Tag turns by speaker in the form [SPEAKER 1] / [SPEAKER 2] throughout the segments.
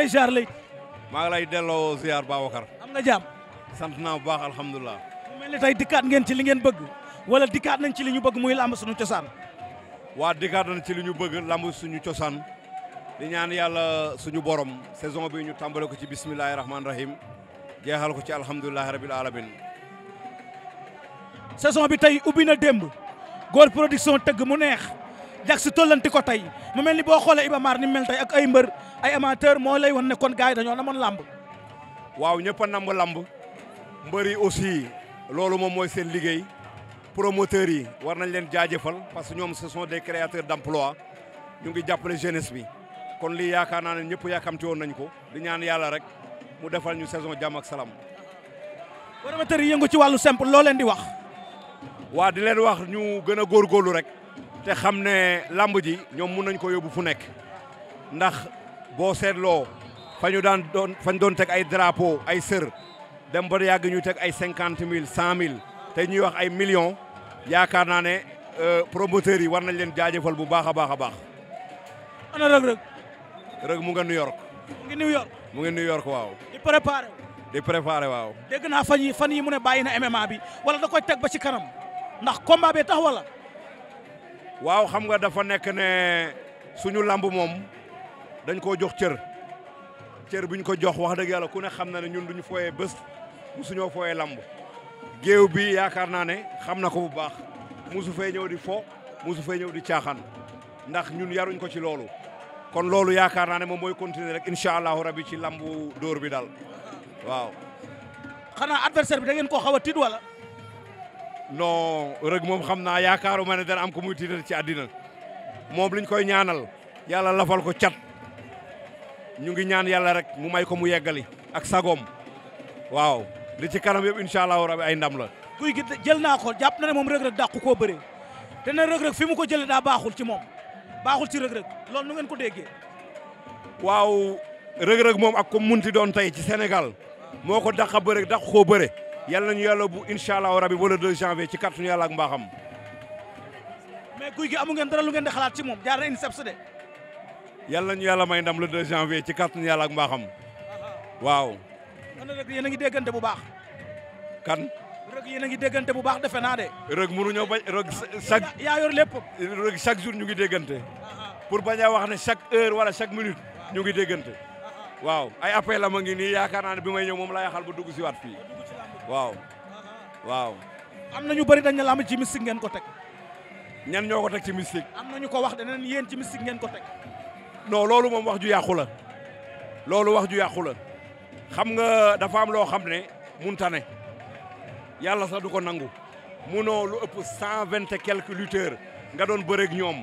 [SPEAKER 1] lay ziar léegi. maa ngi lay delloo ziar Babacar. am na jàmm. sant naa bu baax alhamdulilah. mu mel ni tey dikkaat ngeen ci li ngeen bëgg wala dikkaat nañ ci li ñu bëgg muy làmb suñu cosaan. waa dikkaat nañ ci li ñu bëgg làmb suñu cosaan. di ñaan yàlla suñu borom saison bi ñu tàmbale ko ci bismillahi rahmaani rahim jeexal ko ci alhamdulilahi rabil alamin saison bi tey ubbi na démb góor production tëgg mu neex jag si tollanti ko tey mu mel ni boo xoolee Iba Mar ni ay amateur moo lay wan ne kon gars yi dañoo namoon làmb waaw ñëpp a namb làmb mbëri aussi loolu moom mooy seen liggéey promoteurs yi war nañ leen jaajëfal parce que ñoom ce sont des créateurs d'emploi ñu ngi jàppale jeunesse bi kon lii yaakaar naa ne ñëpp yaakamti woon nañ ko di ñaan yàlla rek mu defal ñu saison jàmm ak salaam. promoteurs yi yëngu ci wàllu simple loo leen di wax. waa di leen wax ñu gën a góor góorlu rek. te xam ne làmb ji ñoom mun nañ ko yóbbu fu nekk ndax boo seetloo fa daan doon fa doon teg ay drapeau ay sër dem ba yàgg ñu teg ay cinquante mille cent mille te ñuy wax ay millions yaakaar naa ne euh, promoteurs yi war nañ leen jaajëfal bu baax a baax a baax. ana rëg rëg. mu nga New York. mu ngi New York. mu ngi New York waaw. di préparé. waaw. dégg naa fan yi fan yi mu ne bàyyi na MMA bi wala da koy teg ba ci kanam ndax combat bi tax wala. waaw xam nga dafa nekk ne suñu lamb moom. dañ koo jox cër cër bu ñu ko jox wax dëgg yàlla ku ne xam na ne ñun duñu fooyee bés musuñoo fooyee lamb géew bi yaakaar naa ne xam na ko bu baax musu fee ñëw di fo musu fee ñëw di caaxaan ndax ñun yaruñ ko ci loolu kon loolu yaakaar naa ne moom mooy continuer rek incha rab rabi ci lambu dóor bi daal waaw xanaa adversaire bi da ngeen koo xaw a tiit wala non rëg moom xam naa yaakaaruma ne dana am ko muy tiital ci àddina moom luñ koy ñaanal yàlla lafal ko cat ñu ngi ñaan yàlla rek mu may ko mu yeggali ak sagoom waaw li ci kanam yëpp incha allahu rabi ay ndam la. guy gi jël naa ko jàpp na ne moom rëg-rëg dàqu koo bëree te ne rëg-rëg fi mu ko jëlee daa baaxul ci moom baaxul ci rëg-rëg loolu nu ngeen ko déggee. waaw rëg moom ak ko munti doon tey ci senegal moo ko dàqa bëre dàq koo bëre yàlla nañu yàlla bu incha allahu rabi wala 2 janvier ci kàttanu yàlla ak mbaaxam. mais guy gi amu ngeen dara lu ngeen di xalaat ci moom jaar na INSEPS de. yàlla nañu yàlla may ndam le 2 janvier ci kàttanu yàlla ak mbaaxam waaw. kon yéen a ngi déggante bu baax. kan. rëgg a ngi déggante bu baax defe naa de. rëgg mënuñoo bañ rëgg chaque. yaa yor lépp. rëgg chaque ñu ngi déggante. pour bañ a wax ne chaque heure wala chaque minute ñu ngi déggante. waaw ay appel la ma ngi nii yaakaar naa ne bi may ñëw moom laa yaxal ba dugg si waat fii waaw. am na ñu bëri dañ ne lamb ci mystique ngeen ko teg. ñan ñoo ko teg ci mystique. am na ñu ko wax danañ yéen ci mystique ngeen ko teg. non loolu moom wax ju yàqu la loolu wax ju yàqu la xam nga dafa am loo xam ne munta ne yàlla sax ko nangu munoo lu ëpp cent vingt et nga doon bëreeg ñoom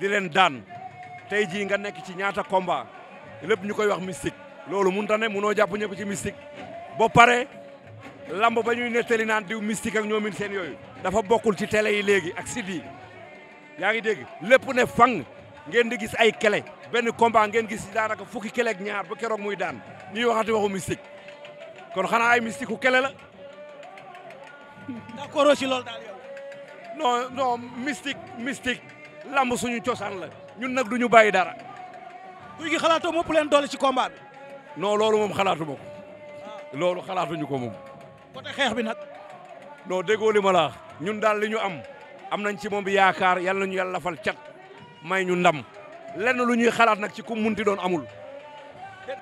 [SPEAKER 1] di leen daan tey jii nga nekk ci ñaata combat lépp ñu koy wax mystique loolu munta ne munoo jàpp ñëpp ci mystique ba pare lamb ba ñuy nettali naan diw mystique ak ñoomin seen yooyu dafa bokkul ci télé yi léegi ak site yaa ngi dégg lépp ne fang ngeen di gis ay kele benn combat ngeen gis daanaka fukki kele ak ñaar ba keroog muy daan ñuy waxati waxu mystique kon xanaa ay mystique kele la. d'accord ci loolu daal yow. non non lamb suñu cosaan la ñun nag duñu bàyyi dara. ku gi xalaatoo mopp leen doole ci combat noo non loolu moom xalaatu ma ko. Ah. loolu xalaatuñu ko moom. côté xeex bi nag. non déggoo li ñun daal li ñu am am nañ ci moom bi yaakaar yàlla ñu yàlla fal cat. may ñu ndam lenn lu ñuy xalaat nag ci ku munti doon amul.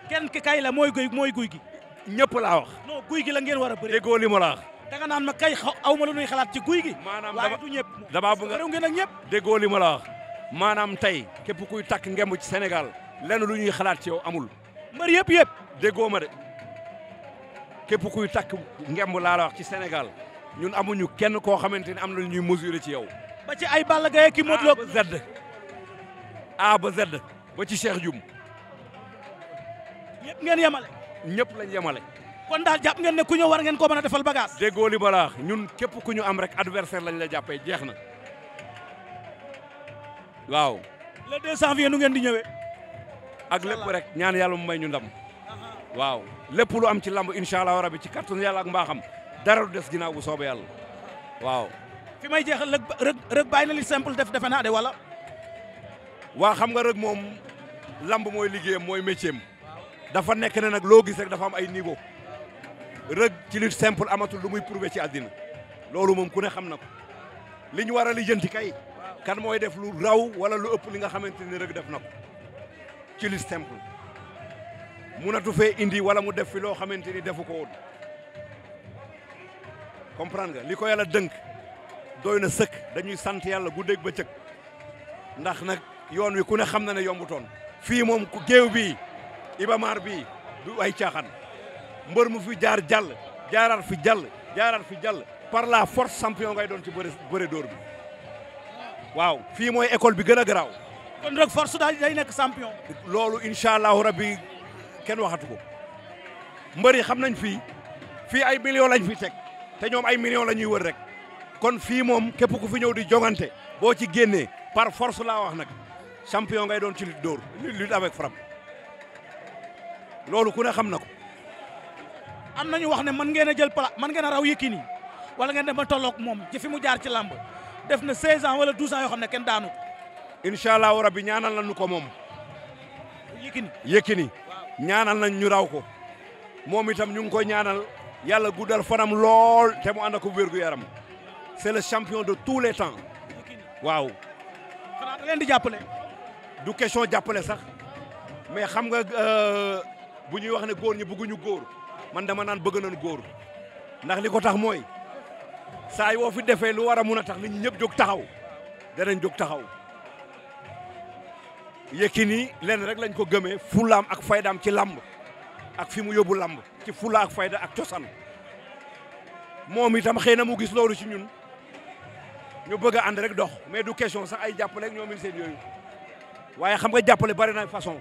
[SPEAKER 1] kenn kay la mooy guy mooy guy gi. ñëpp laa wax. non guy gi la ngeen war a bëri. déggoo li ma la wax. danga naan ma kay aw ma lu ñuy xalaat ci guy gi. maanaam dama waaye du ñëpp. damaa bëgg a ngeen ak ñëpp. déggoo li ma la wax maanaam tey képp kuy takk ngemb ci senegal lenn lu ñuy xalaat ci yow amul. mbër yëpp yëpp. déggoo ma de képp kuy takk ngemb laa la wax ci Sénégal ñun amuñu kenn koo xamante ni am na lu ñuy mesurer ci yow. ba ci ay Balla Gaye ki Modou aa ba Z ba ci Cheikh Dioum. ñëpp ngeen yemale. ñëpp lañ yemale. kon daal jàpp ngeen ne ku ñëw war ngeen koo mën a defal bagaas déggoo li balaax ñun képp ku ñu am rek adversaire lañ la jàppee jeex na waaw. le 2 janvier nu ngeen di ñëwe ak lépp rek ñaan yàlla mu may ñu ndam. waaw lépp lu am ci lamb incha allah rabi ci kàttanu yàlla ak mbaaxam dara du des ginnaaw bu soobee yàlla waaw. fi may jeexal rek rek bàyyi na def defe naa de wala. waa xam nga rek moom lamb mooy liggéeyam mooy métier dafa nekk nag loo gis dafa am ay niveau rek ci lutte simple amatul lu muy prouver ci àddina loolu moom ku ne xam na ko li ñu war a lijjanti kay kan mooy def lu raw wala lu ëpp li nga xamante ni rek def na ko ci lutte simple munatu fee indi wala mu def fi loo xamante ni defu ko woon comprendre nga li ko yàlla dënk doy na sëkk dañuy sant yàlla guddeeg bëccëg ndax nag yoon wi ku ne xam na ne yombutoon fii moom géew bii ibamaar bii du ay caaxan mbër mu fi jaar jàll jaaraat fi jàll jaaraat fi jàll par la force champion gay doon ci bëre bëre dóor bi waaw fii mooy école bi gën a garaaw kon rek force daal day nekk champion loolu incha allahu rabbi kenn waxatu ko mbër yi xam nañ fii fii ay millions lañ fi teg te ñoom ay millions la ñuy wër rek kon fii moom képp ku fi ñëw di jongante boo ci génnee par force laa wax nag champion ngay doon ci lutte dóor lutte avec frappe loolu ku ne xam na ko. am nañu wax ne mën ngeen a jël pala mën ngeen a raw Yékini wala ngeen dem ba tolloog moom ci fi mu jaar ci làmb def na 16 ans wala 12 ans yoo xam ne kenn daanu. incha allahu rabi ñaanal nañu ko moom. Yékini Yékini ñaanal nañ ñu raw ko moom itam ñu ngi koy ñaanal yàlla guddal fanam lool te mu ànd ak wér gu yaram c'est le champion de tous les temps waaw. du question jàppale sax mais xam nga euh, bu ñuy wax ne góor ñi bëgguñu góor man dama naan bëgg nañ góor ndax li ko tax mooy saa yoo fi defee lu war a mun a tax nit ñi ñëpp jóg taxaw danañ jóg taxaw Yékini lenn rek lañ ko gëmee fulaam ak faydaam ci làmb ak fi mu yóbbu làmb ci fula ak fayda ak cosaan moom itam xëy na mu gis loolu ci ñun ñu bëgg a rek dox mais du question sax ay jàppale ak ñoom seen yooyu waaye xam nga jàppale bari na façon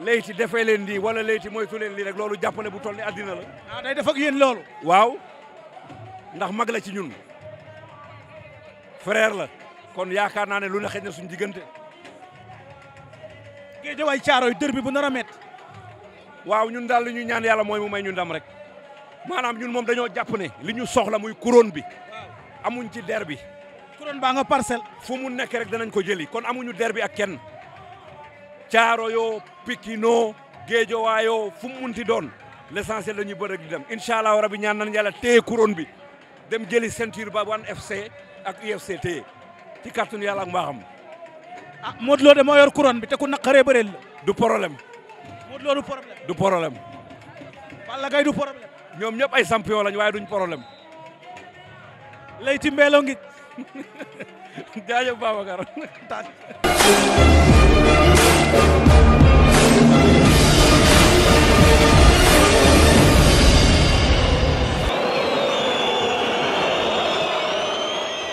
[SPEAKER 1] Leyti defee leen lii wala Leyti moytu leen lii rek loolu jàppale bu toll ni addina la. ah day def ak yéen loolu. waaw ndax mag la ci ñun frère la kon yaakaar naa ne lu ne xëj na suñu diggante. Géejawaay Caaroy dër bi bu nar a met waaw ñun daal li ñu ñaan yàlla mooy mu may ñu ndam rek maanaam ñun moom dañoo jàpp ne li ñu soxla muy kuroon bi amuñ ci der bi. kuréel baa nga parcelle. fu mu nekk rek danañ ko jëli kon amuñu derbi ak ken caaro yoo pikino géejowaayoo fu mu munti doon l' essentiel dañuy bëri rek di dem incha allah rabi ñaan nañ yàlla téye couronne bi dem jëli ceinture ba wan FC ak UFC téye ci kàttanu yàlla ak mbaaxam. ah Modou Lo de moo yor bi te ku naqaree bëreel la. du problème. Modou Lo du problème. du Balla Gaye du problème. ñoom ñëpp ay champion lañ waaye duñ problème. Leyti Mbelo ngi. jaajëf Babacar